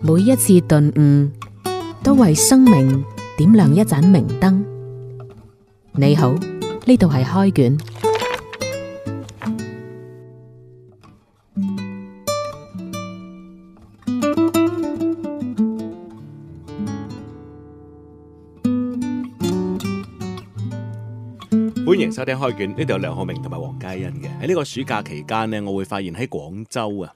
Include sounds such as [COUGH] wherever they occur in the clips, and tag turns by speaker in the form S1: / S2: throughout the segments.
S1: 每一次頓悟，都為生命點亮一盞明燈。你好，呢度係開卷。歡迎收聽開卷，呢度有梁浩明同埋黃嘉欣嘅。喺呢個暑假期間呢，我會發現喺廣州啊。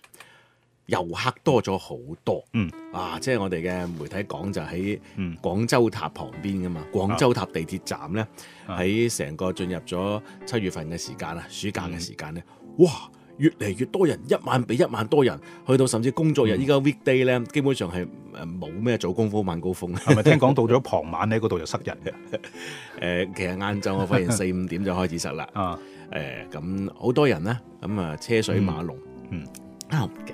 S1: 遊客多咗好多，嗯，啊，即係我哋嘅媒體講就喺廣州塔旁邊噶嘛，廣州塔地鐵站呢，喺成個進入咗七月份嘅時間啦，暑假嘅時間呢，哇，越嚟越多人，一萬比一萬多人，去到甚至工作日依家 weekday 呢，基本上係冇咩早高峰、晚高峰，係咪聽講到
S2: 咗傍晚呢，
S1: 嗰度就塞人嘅？其實晏晝我發現四五點就開始塞啦，咁好多人呢，咁啊車水馬龍，嗯。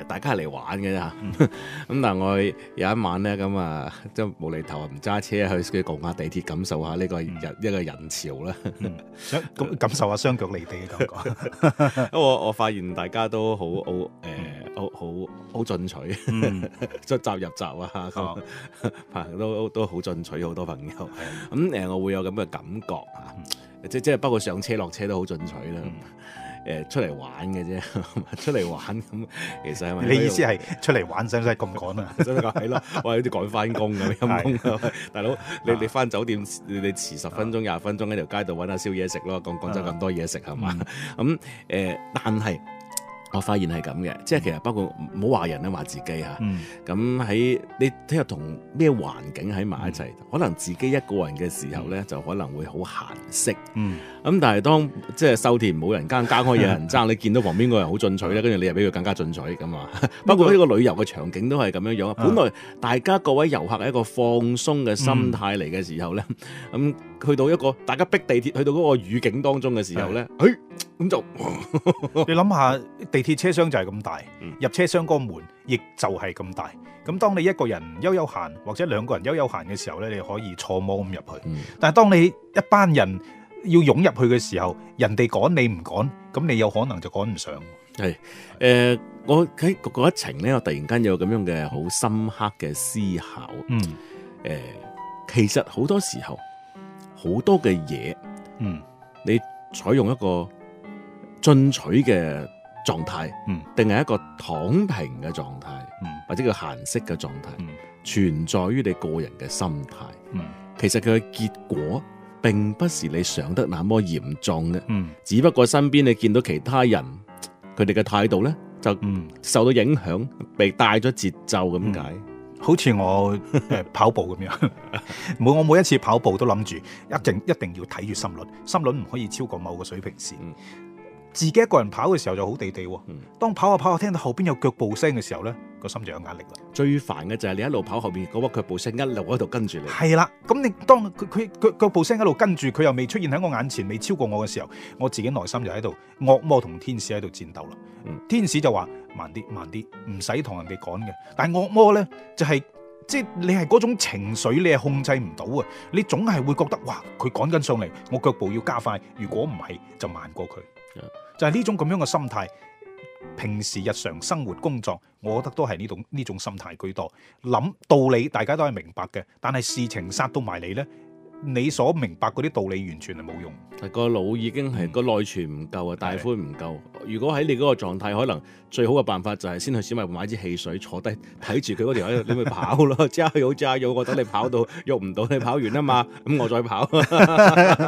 S1: 大家係嚟玩嘅啫，咁但係我有一晚咧，咁啊即係無厘頭啊，唔揸車去去共地鐵，感受下呢個人一個人潮啦，咁感受下雙腳離地嘅感覺。因為我發現大家都好好誒好好好進取，即係出閘入閘啊，都都好進取，好多朋友。咁誒，我會有咁嘅感覺啊，即即係包括上車落車都好進取啦。誒出嚟玩嘅啫，出嚟玩咁其實係咪？你意思係出嚟
S2: 玩使唔使咁趕啊？真
S1: 係講係咯，我哋好似趕翻工咁陰功。 [LAUGHS] 的大佬，你你翻酒店，你哋遲十分鐘、廿 [LAUGHS] 分鐘喺條街度揾下宵夜食咯。廣廣州咁多嘢食係嘛？咁誒，但係。我發現係咁嘅，即係其實包括唔好話人啦，話自己咁喺、嗯、你睇下同咩環境喺埋一齊，嗯、可能自己一個人嘅時候咧，嗯、就可能會好閒適。咁、嗯、但係當即係收田冇人耕，耕開有人爭， [LAUGHS] 你見到旁邊個人好進取咧，跟住你又俾佢更加進取咁啊，包括呢個旅遊嘅場景都係咁樣樣，本來大家、嗯、各位遊客係一個放鬆嘅心態嚟嘅時候
S2: 咧，咁、嗯。嗯去到一個大家逼地鐵去到嗰個雨景當中嘅時候呢，誒的，咁唉樣 [LAUGHS] 就你諗下地鐵車廂就係咁大，嗯、入車廂嗰個門亦就係咁大。咁當你一個人悠悠閒或者兩個人悠悠閒嘅時候呢，你可以坐摩咁入去。嗯、但係當你一班人要湧入去嘅時候，人哋趕你唔趕，咁你有可能就趕唔上。係誒的、呃，我喺嗰一程呢，我突然間
S1: 有咁樣嘅好深刻嘅思考。嗯，誒、呃，其實好多時候。好多嘅嘢，嗯，你採用一個進取嘅狀態，嗯，定係一個躺平嘅狀態，嗯，或者叫閒適嘅狀態，嗯，存在於你個人嘅心態，嗯，其實佢嘅結果，並不是你想得那麼嚴重嘅，嗯，只不過身邊你見到其他人，佢哋嘅態度咧，就受到影響，嗯，被帶咗
S2: 節奏咁解。嗯好似我跑步咁樣，每我每一次跑步都諗住一定一定要睇住心率，心率唔可以超過某個水平線。自己一個人跑嘅時候就好地地喎，當跑下跑下聽到後邊有腳步聲嘅時候咧。心就有壓力啦。最煩嘅就係你一路跑後邊嗰個腳步聲，一路喺度跟住你。係啦，咁你當佢佢佢腳步聲一路跟住，佢又未出現喺我眼前，未超過我嘅時候，我自己內心就喺度惡魔同天使喺度戰鬥啦。嗯、天使就話慢啲，慢啲，唔使同人哋趕嘅。但係惡魔咧，就係即係你係嗰種情緒，你係控制唔到啊！你總係會覺得哇，佢趕緊上嚟，我腳步要加快。如果唔係，就慢過佢。嗯、就係呢種咁樣嘅心態。平時日常生活工作，我覺得都係呢種呢種心態居多。諗道理大家都係明白嘅，但係事情殺到埋你呢。你所明白嗰啲道理完全係冇用，個腦已經係個、嗯、內存唔夠啊，
S1: 帶寬唔夠。是的 如果喺你嗰個狀態，可能最好嘅辦法就係先去小賣部買支汽水，坐低睇住佢嗰條喺度點樣跑咯。之後又之後又覺得你跑到喐唔到，你跑完啊嘛，咁我再跑，係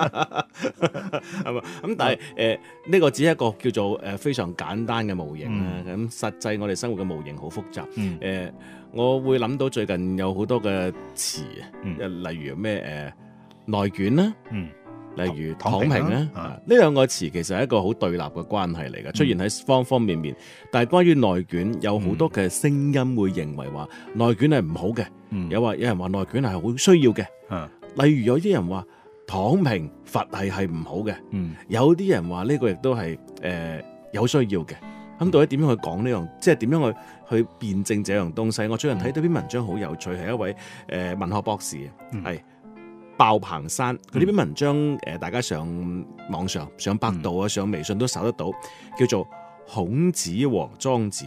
S1: 嘛？ [LAUGHS] [LAUGHS] 咁但係誒呢個只係一個叫做誒非常簡單嘅模型啦。咁、嗯、實際我哋生活嘅模型好複雜。誒、嗯呃，我會諗到最近有好多嘅詞，嗯、例如咩誒？呃內卷啦，嗯，例如躺平咧，呢兩個詞其實係一個好對立嘅關係嚟嘅，出現喺方方面面。但係關於內卷，有好多嘅聲音會認為話內卷係唔好嘅，有話有人話內卷係好需要嘅，例如有啲人話躺平佛系係唔好嘅，嗯，有啲人話呢個亦都係誒有需要嘅。咁到底點樣去講呢樣？即係點樣去去辯證呢樣東西？我最近睇到篇文章好有趣，係一位誒文學博士，係。爆棚山佢呢篇文章，誒、呃、大家上網上上百度啊，上微信都搜得到，叫做《孔子和莊子：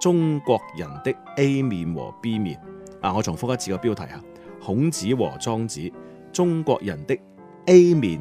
S1: 中國人的 A 面和 B 面》啊！我重複一次個標題啊，《孔子和莊子：中國人的 A 面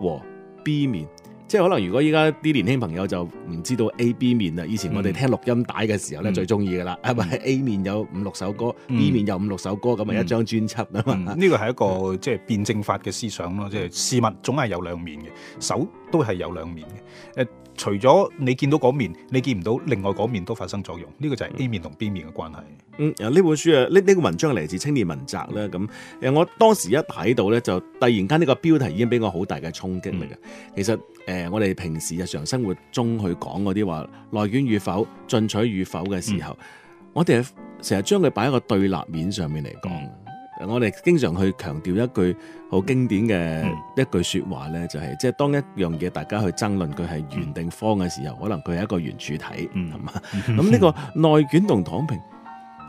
S1: 和 B 面》。啊。即係可能，如果依家啲年輕朋友就唔知道 A、B 面啦。以前我哋聽錄音帶嘅時候咧，最中意嘅啦。啊，係咪
S2: A 面有五六首歌、嗯、B 面有五六首歌，咁啊、嗯、一張專輯啊嘛。呢、嗯、個係一個即係辯證法嘅思想咯，即、就、係、是、事物總係有兩面嘅，手都係有兩面嘅。誒、呃。除咗你見到嗰面，你見唔到另外嗰面都發生作用。呢、這個就係 A 面同 B 面嘅關係。嗯，啊、嗯、呢本書啊呢呢個文章嚟自青年文摘啦。咁誒、嗯，我當時一睇
S1: 到咧，就突然間呢個標題已經俾我好大嘅衝擊嚟嘅。嗯、其實誒、呃，我哋平時日常生活中去講嗰啲話內卷與否、進取與否嘅時候，嗯、我哋係成日將佢擺喺個對立面上面嚟講。嗯我哋經常去強調一句好經典嘅一句說話咧，就係即係當一樣嘢大家去爭論佢係圓定方嘅時候，可能佢係一個圓柱體，係嘛？咁呢個內卷同躺平，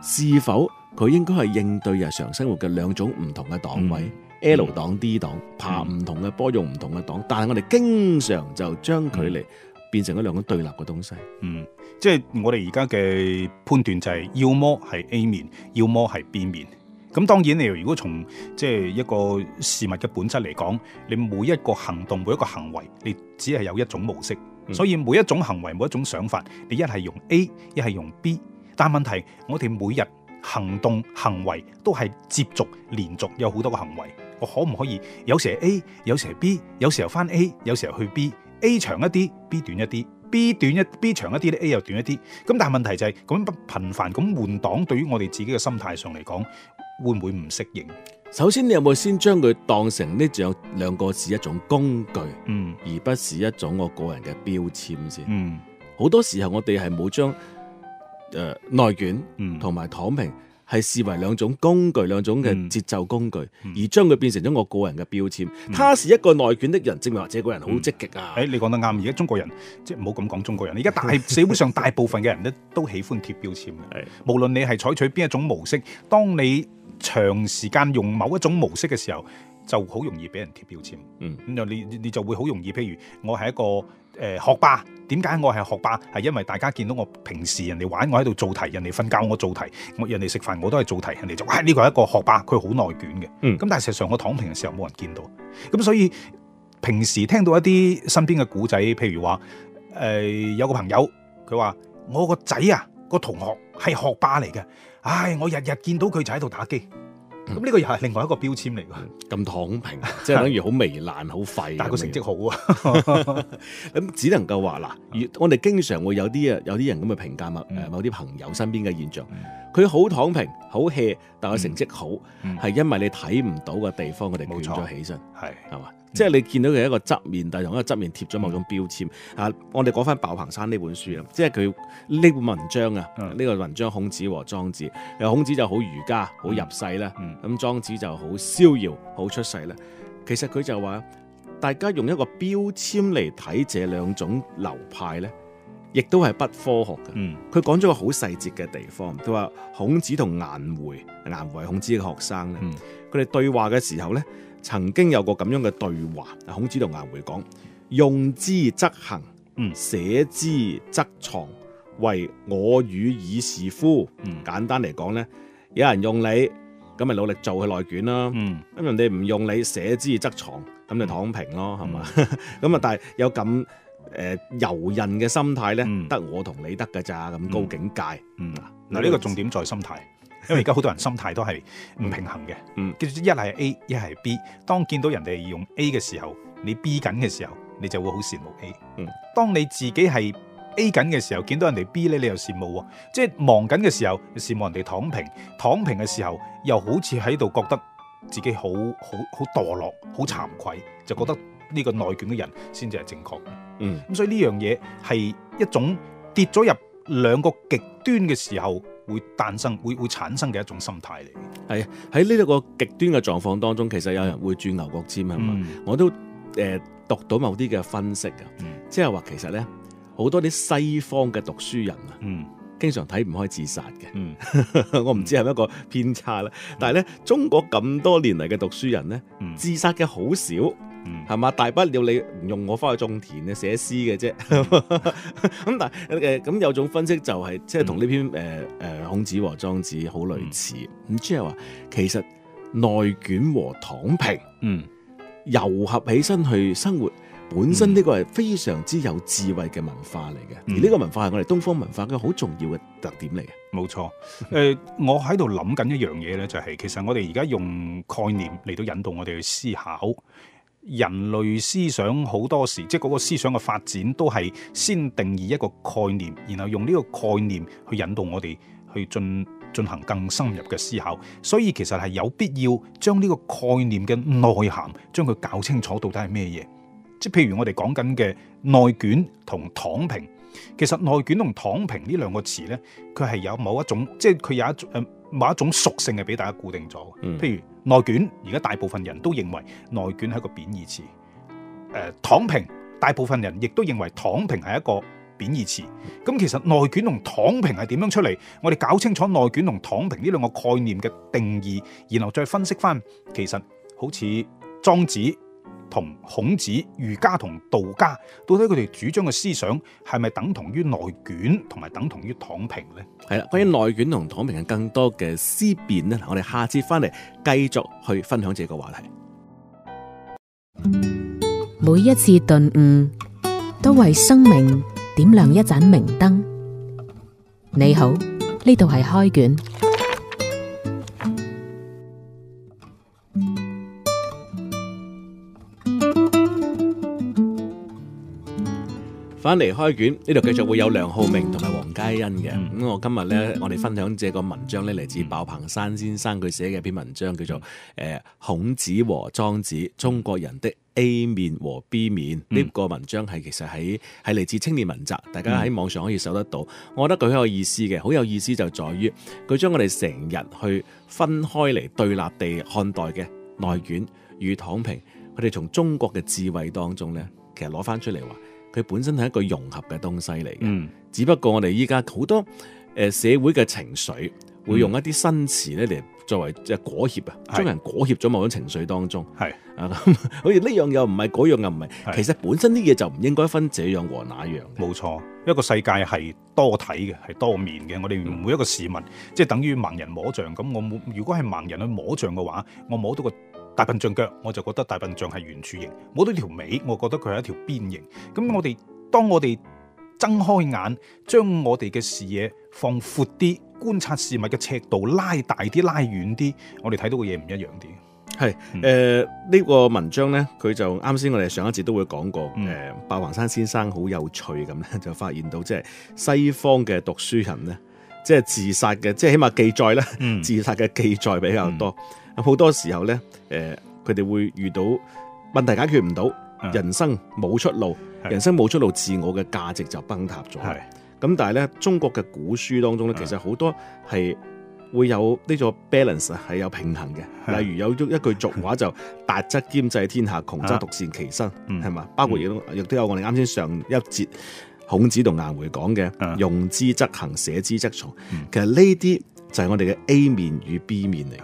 S1: 是否佢應該係應對日常生活嘅兩種唔同嘅檔位？L 檔、D 檔，拍唔同嘅波用唔同嘅檔，但係我哋經常就將佢嚟
S2: 變成一兩個對立嘅東西。嗯，即係我哋而家嘅判斷就係，要麼係 A 面，要麼係 B 面。咁當然，你如果從即係一個事物嘅本質嚟講，你每一個行動，每一個行為，你只係有一種模式，嗯、所以每一種行為，每一種想法，你一係用 A，一係用 B。但問題，我哋每日行動行為都係接續連續有好多個行為，我可唔可以有時係 A，有時係 B，有時候翻 A，有時候去 B，A 長一啲，B 短一啲。B 短一 B 長一啲咧，A 又短一啲，咁但係問題就係咁頻繁咁換檔，對於我哋自己嘅心態上嚟講，會唔會唔適應？首先你有冇先將佢
S1: 當成呢，仲有兩個係一種工具，嗯，而不是一種我個人嘅標籤先。嗯，好多時候我哋係冇將誒內卷，同埋躺平。嗯係視為兩種工具，兩種嘅節奏工具，嗯、而將佢變成咗
S2: 我個人嘅標籤。嗯、他是一個內卷的人，證明話這個人好積極啊。誒、嗯，你講得啱。而家中國人，即唔好咁講中國人。而家大社會 [LAUGHS] 上大部分嘅人咧，都喜歡貼標籤嘅。是的無論你係採取邊一種模式，當你長時間用某一種模式嘅時候。就好容易俾人貼標籤，咁、嗯、你你就會好容易，譬如我係一個誒、呃、學霸，點解我係學霸？係因為大家見到我平時人哋玩，我喺度做題；人哋瞓覺，我做題；我人哋食飯，我都係做題。人哋就，哇，呢個係一個學霸，佢好內卷嘅。咁、嗯、但係實際上我躺平嘅時候冇人見到。咁所以平時聽到一啲身邊嘅古仔，譬如話誒、呃、有個朋友，佢話我個仔啊個同學係學霸嚟嘅，唉，我日日見到佢就喺度打機。咁呢、嗯、個又係另外一個標籤嚟㗎，咁躺平，即、就、係、是、等於好糜爛、好 [LAUGHS] 廢，但係佢成績好啊。咁 [LAUGHS] [LAUGHS] 只能
S1: 夠話嗱，我哋經常會有啲啊，有啲人咁嘅評價某啲朋友身邊嘅現象，佢好躺平、好 hea，但係成績好，係、嗯、因為你睇唔到嘅地方，佢哋捲咗起身，係嘛錯。是嗯、即係你見到佢一個側面，但係同一個側面貼咗某種標籤。嗯、啊，我哋講翻《爆棚山》呢本書啊，即係佢呢本文章啊，呢、嗯、個文章孔子和莊子。有孔子就好儒家，好入世啦。咁、嗯嗯、莊子就好逍遙，好出世咧。其實佢就話：大家用一個標籤嚟睇這兩種流派咧，亦都係不科學嘅。佢、嗯、講咗個好細節嘅地方，佢話孔子同顏回，顏回係孔子嘅學生咧。佢哋、嗯、對話嘅時候咧。曾經有個咁樣嘅對話，孔子同顏回講：用之則行，嗯，舍之則藏，為我與爾是夫？嗯、簡單嚟講咧，有人用你，咁咪努力做佢內卷啦。嗯，咁人哋唔用你，舍之則藏，咁就躺平咯，係嘛？咁啊，但係有咁
S2: 誒遊刃嘅心態咧，嗯、得我同你得㗎咋，咁高境界。嗯，嗱、嗯、呢個重點在心態。 [LAUGHS] 因為而家好多人心態都係唔平衡嘅，嗯，跟住一係 A，一係 B。當見到人哋用 A 嘅時候，你 B 緊嘅時候，你就會好羨慕 A。嗯，當你自己係 A 緊嘅時候，見到人哋 B 咧，你就羨慕喎。即係忙緊嘅時候羨慕人哋躺平，躺平嘅時候又好似喺度覺得自己好好好墮落，好慚愧，就覺得呢個內卷嘅人先至係正確嘅。嗯，咁所以呢樣嘢係一種跌咗入兩個極端嘅時候。會誕生會會產生嘅一種心態嚟，係喺呢一個極端嘅狀況當中，其實有人
S1: 會鑽牛角尖係嘛？嗯、我都誒、呃、讀到某啲嘅分析啊，即係話其實咧好多啲西方嘅讀書人啊，嗯、經常睇唔開自殺嘅，嗯、 [LAUGHS] 我唔知係咪一個偏差啦，嗯、但係咧中國咁多年嚟嘅讀書人咧，嗯、自殺嘅好少。係嘛、嗯？大不了你唔用我翻去種田嘅、寫詩嘅啫。咁 [LAUGHS] 但係誒，咁、呃、有種分析就係、是、即係同呢篇誒誒、嗯呃《孔子和莊子》好類似。咁即係話，其實內捲和躺平，嗯，糅合起身去生活，本身呢個係非常之有智
S2: 慧嘅文化嚟嘅。嗯、而呢個文化係我哋東方文化嘅好重要嘅特點嚟嘅。冇錯。誒、呃，我喺度諗緊一樣嘢咧，就係其實我哋而家用概念嚟到引導我哋去思考。人類思想好多時，即係嗰個思想嘅發展都係先定義一個概念，然後用呢個概念去引導我哋去進進行更深入嘅思考。所以其實係有必要將呢個概念嘅內涵，將佢搞清楚到底係咩嘢。即譬如我哋講緊嘅內卷同躺平，其實內卷同躺平呢兩個詞呢，佢係有某一種，即係佢有一種。嗯某一種屬性係俾大家固定咗，譬如內卷，而家大部分人都認為內卷係一個貶義詞。誒、呃，躺平，大部分人亦都認為躺平係一個貶義詞。咁其實內卷同躺平係點樣出嚟？我哋搞清楚內卷同躺平呢兩個概念嘅定義，然後再分析翻，其實好似莊子。同孔子、儒家同道家，到底佢哋主張嘅思想係咪等同於內卷，同埋等同於躺平咧？係啦，關於內卷同躺
S1: 平嘅更多嘅思辨咧，我哋下次翻嚟繼續去分享這個話題。每一次頓悟，都為生命點亮一盞明燈。你好，呢度係開卷。翻嚟開卷呢度，繼續會有梁浩明同埋黃佳欣嘅咁。我今日呢，我哋分享嘅個文章呢，嚟自鮑鵬山先生佢寫嘅一篇文章，叫做《誒孔子和莊子：中國人的 A 面和 B 面》。呢、嗯、個文章係其實喺係嚟自青年文集，大家喺網上可以搜得到。嗯、我覺得佢好有意思嘅，好有意思就在於佢將我哋成日去分開嚟對立地看待嘅內捲與躺平，佢哋從中國嘅智慧當中呢，其實攞翻出嚟話。佢本身係一個融合嘅東西嚟嘅，嗯、只不過我哋依家好多誒社會嘅情緒，會用一啲新詞咧嚟作為即係裹挾啊，嗯、將人裹挾咗某種情緒當中。係
S2: 啊是，好似呢樣又唔係，嗰樣又唔係，是其實本身啲嘢就唔應該分這樣和那樣。冇錯，一個世界係多體嘅，係多面嘅。我哋每一個市民，嗯、即係等於盲人摸象咁。我冇如果係盲人去摸象嘅話，我摸到個大笨象腳，我就覺得大笨象係圓柱形，冇到條尾，我覺得佢係一條邊形。咁我哋當我哋睜開眼，將我哋嘅視野放闊啲，觀察事物嘅尺度拉大啲、拉遠啲，我哋睇到嘅嘢唔一樣啲。係誒
S1: 呢個文章咧，佢就啱先我哋上一節都會講過，誒白雲山先生好有趣咁咧， [LAUGHS] 就發現到即係西方嘅讀書人咧，即係自殺嘅，即係起碼記載咧， [LAUGHS] 自殺嘅記載比較多。嗯嗯有好多時候咧，誒，佢哋會遇到問題解決唔到，人生冇出路，人生冇出路，自我嘅價值就崩塌咗。咁但係咧，中國嘅古書當中咧，其實好多係會有呢個 balance，係有平衡嘅。例如有一句俗話就“達則兼濟天下，窮則獨善其身”，係嘛？包括亦都亦都有我哋啱先上一節孔子同顏回講嘅“用之則行，舍之則藏”。其實呢啲
S2: 就係我哋嘅 A 面與 B 面嚟。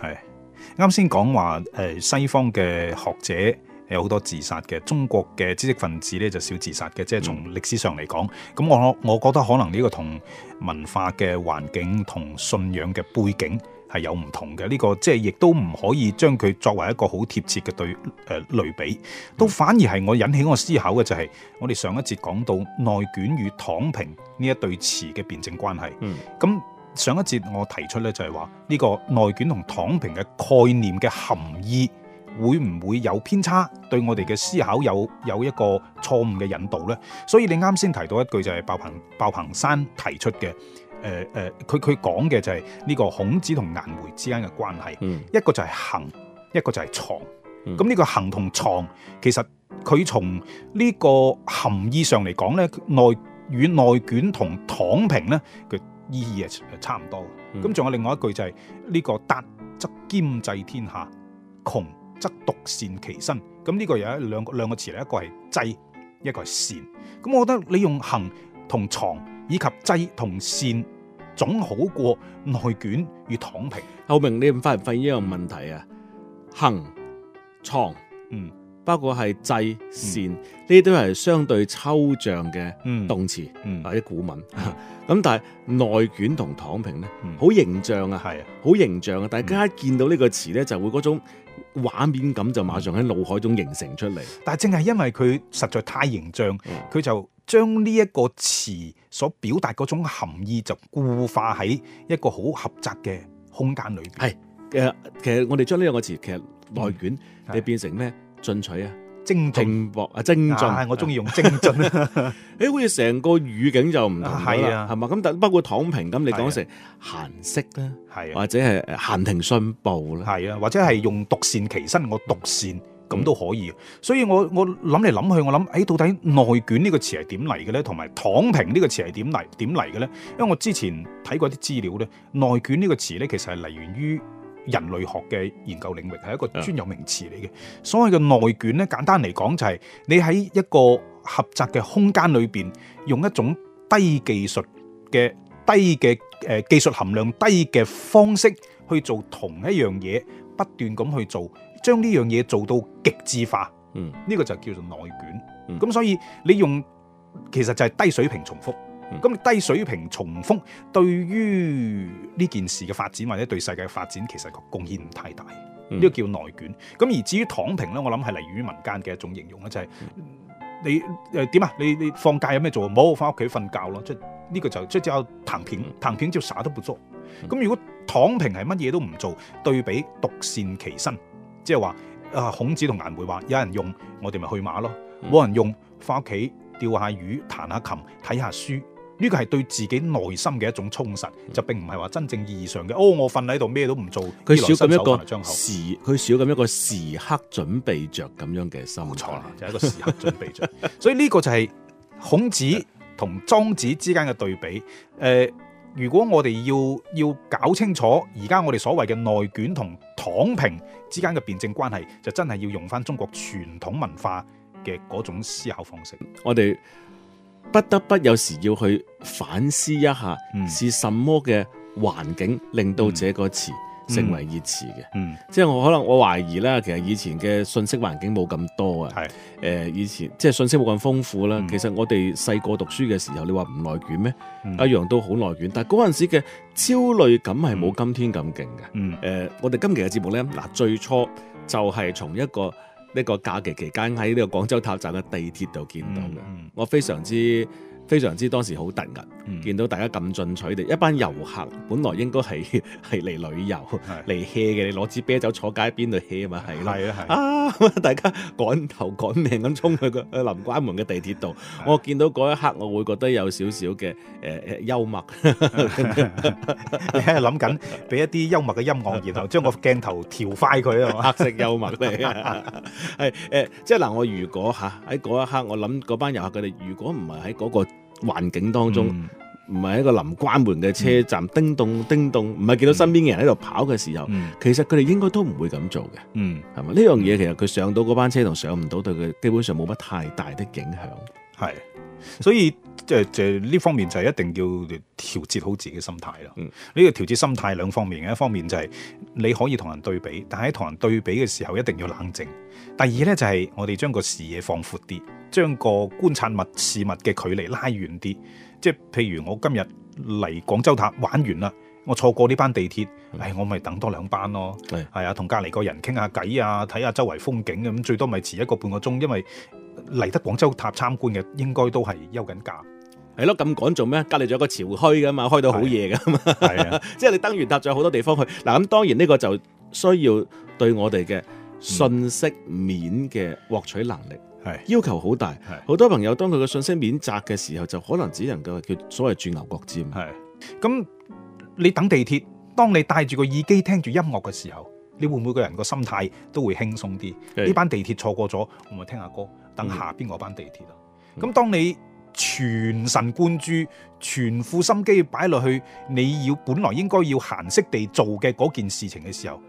S2: 啱先講話誒西方嘅學者有好多自殺嘅，中國嘅知識分子咧就少自殺嘅，即係從歷史上嚟講，咁、嗯、我我覺得可能呢個同文化嘅環境同信仰嘅背景係有唔同嘅，呢、這個即係亦都唔可以將佢作為一個好貼切嘅對誒、呃、類比，都反而係我引起我的思考嘅就係、是、我哋上一節講到內卷與躺平呢一對詞嘅辯證關係，嗯，咁。上一節我提出咧就係話呢個內卷同躺平嘅概念嘅含義會唔會有偏差，對我哋嘅思考有有一個錯誤嘅引導咧。所以你啱先提到一句就係爆棚爆棚山提出嘅，誒、呃、誒，佢佢講嘅就係呢個孔子同顏回之間嘅關係，嗯、一個就係行，一個就係藏。咁呢、嗯、個行同藏其實佢從呢個含義上嚟講咧，內與內卷同躺平咧，佢。意義啊，差唔多。咁仲有另外一句就係呢個達則兼濟天下，窮則獨善其身。咁呢個又有兩個兩個詞嚟，一個係濟，一個係善。咁我覺得你用行同藏以及濟同善，總好過內卷與躺平。阿明，你唔發唔發現一樣問題啊？行藏，嗯。
S1: 包括係祭善呢啲都係相對抽象嘅動詞，嗯嗯、或者古文。咁、嗯、但係內卷同躺平咧，好、嗯、形象啊！係啊的，好形象啊！的但大家一見到呢個詞咧，就會嗰種畫面感就馬上喺
S2: 腦海中形成出嚟。但係正係因為佢實在太形象，佢、嗯、就將呢一個詞所表達嗰種含義就固化喺一個好狹窄嘅空間裏邊。係，
S1: 其實其實我哋將呢兩個詞，其實內卷你變成咩？嗯進取啊，精博進啊，精進。我中意用精進啊，誒，好似成個語境就唔同啦，係啊，係嘛？咁但包括躺平咁，你講成閑適咧，
S2: 係，或者係誒閒庭信步咧，係啊，或者係用獨善其身，我獨善咁都可以。嗯、所以我我諗嚟諗去，我諗，誒、哎，到底內卷呢個詞係點嚟嘅咧？同埋躺平呢個詞係點嚟點嚟嘅咧？因為我之前睇過啲資料咧，內卷呢個詞咧其實係嚟源於……人類學嘅研究領域係一個專有名詞嚟嘅，Yeah. 所謂嘅內卷咧，簡單嚟講就係你喺一個狹窄嘅空間裏邊，用一種低技術嘅低嘅誒、呃、技術含量低嘅方式去做同一樣嘢，不斷咁去做，將呢樣嘢做到極致化，嗯，呢個就叫做內卷。咁、mm. 所以你用其實就係低水平重複。咁、嗯、低水平重複，對於呢件事嘅發展或者對世界發展其實個貢獻唔太大，呢個、嗯、叫內卷。咁而至於躺平咧，我諗係嚟源於民間嘅一種形容啦，就係、是嗯、你誒點啊？你你放假有咩做冇？翻屋企瞓覺咯。即係呢個就即係比較彈片，彈、嗯、片即係啥都不、嗯、都不做。咁如果躺平係乜嘢都唔做，對比獨善其身，即係話啊，孔子同顏回話：有人用，我哋咪去馬咯；冇、嗯、人用，翻屋企釣下魚、彈下琴、睇下書。呢個係對自己內心嘅一種充實，就並唔係話真正意義上嘅。哦，我瞓喺度咩都唔做，佢少咗一個時，
S1: 佢少咁一個時刻準備
S2: 着咁樣嘅心態啦。就係、是、一個時刻準備著， [LAUGHS] 所以呢個就係孔子同莊子之間嘅對比。誒、呃，如果我哋要要搞清楚而家我哋所謂嘅內卷同躺平之間嘅辯證關係，就真係要用翻中國傳統文化嘅嗰種思考方式。我哋。不得
S1: 不有時要去反思一下，是、嗯、什麼嘅環境令到這個詞成為熱詞嘅？嗯嗯、即係我可能我懷疑啦，其實以前嘅信息環境冇咁多啊，誒是、呃，以前即係信息冇咁豐富啦。嗯、其實我哋細個讀書嘅時候，你話唔內捲咩？嗯、一樣都好內捲，但係嗰陣時嘅焦慮感係冇今天咁勁嘅。誒、嗯呃，我哋今期嘅節目咧，嗱，最初就係從一個。呢個假期期間喺呢個廣州塔站嘅地鐵度見到嘅，嗯、我非常之～非常之當時好突兀，見到大家咁進取地，嗯、一班遊客本來應該係係嚟旅遊嚟 hea 嘅，你攞支啤酒坐街邊度 hea 嘛係咯，係啊係啊，啊大家趕頭趕命咁衝去個臨關門嘅地鐵度，的我見到嗰一刻，我會覺
S2: 得有少少嘅誒誒幽默， [LAUGHS] 你喺度諗緊俾一啲幽默嘅音樂，然後將個鏡頭調快佢啊 [LAUGHS] 黑色幽默嚟
S1: 啊、 [LAUGHS] 呃，即係嗱、呃，我如果嚇喺嗰一刻，我諗嗰班遊客佢哋如果唔係喺嗰個環境當中，唔係、嗯、一個臨關門嘅車站，叮咚、嗯、叮咚，唔係見到身邊嘅人喺度跑嘅時候，嗯、其實佢哋應該都唔會咁做嘅，嗯，係咪？呢樣嘢其實佢上到嗰
S2: 班車同上唔到對佢基本上冇乜太大的影響，係是，所以。 [LAUGHS] 即係呢方面就係一定要調節好自己心態啦。呢、嗯、個調節心態兩方面嘅，一方面就係你可以同人對比，但係同人對比嘅時候一定要冷靜。嗯、第二呢，就係、是、我哋將個視野放闊啲，將個觀察物事物嘅距離拉遠啲。即係譬如我今日嚟廣州塔玩完啦，我錯過呢班地鐵，嗯、唉，我咪等多兩班咯。係啊的，同隔離個人傾下偈啊，睇下周圍風景咁最多咪遲一個半個鐘，因為嚟得廣州塔參觀嘅應該都係休緊假。
S1: 係咯，咁趕做咩？隔離仲有個潮墟噶嘛，開到好夜噶嘛，啊，即係你登完搭咗好多地方去。嗱，咁當然呢個就需要對我哋嘅信息面嘅獲取能力係、嗯、要求好大。好的多朋友當佢嘅信息面窄嘅時候，就可
S2: 能只能夠叫所謂轉牛角尖。係咁的，你等地鐵，當你戴住個耳機聽住音樂嘅時候，你會唔會個人個心態都會輕鬆啲？呢的班地鐵錯過咗，我咪聽下歌，等下邊嗰班地鐵啊。咁、嗯、當你全神貫注、全副心機擺落去你要本來應該要閒適地做嘅嗰件事情嘅時候，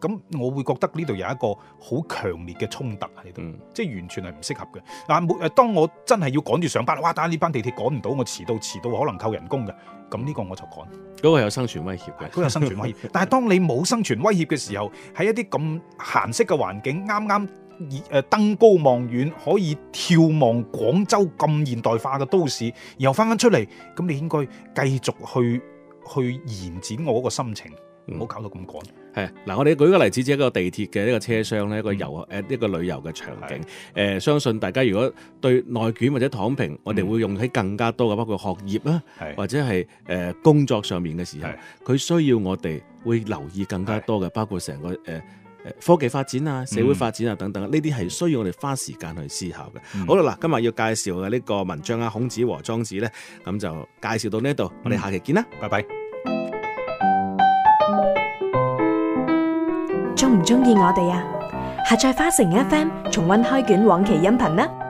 S2: 咁我會覺得呢度有一個好強烈嘅衝突喺度，嗯、即係完全係唔適合嘅。嗱，每誒，當我真係要趕住上班，哇！但係呢班地鐵趕唔到，我遲到，遲到可能扣人工嘅。咁呢個我就趕，嗰個，個有生存威脅嘅，嗰 [LAUGHS] 有生存威脅。但係當你冇生存威脅嘅時候，喺一啲咁閒適嘅環境，啱啱。而誒登高望遠，可以眺望廣州咁現代化嘅都市，然後翻翻出嚟，咁你應該繼續去去延展我嗰個心情，唔好搞到咁趕。
S1: 係嗱、嗯，我哋舉個例子，即係一個地鐵嘅一個車廂咧，一個遊誒、嗯呃、一個旅遊嘅場景。誒的、呃，相信大家如果對內卷或者躺平，我哋會用喺更加多嘅，包括學業啦，係的或者係誒、呃、工作上面嘅時候，佢的需要我哋會留意更加多嘅，的包括成個誒。呃科技發展啊，社會發展啊等等，呢啲係需要我哋花時間去思考嘅。嗯、好啦，嗱，今日要介紹嘅呢個文章啊，孔子和莊子咧，咁就介紹到呢度，我哋下期見啦，嗯、拜拜。
S2: 鍾唔鍾意我哋啊？下載花城 FM，重溫開卷往期音頻呢。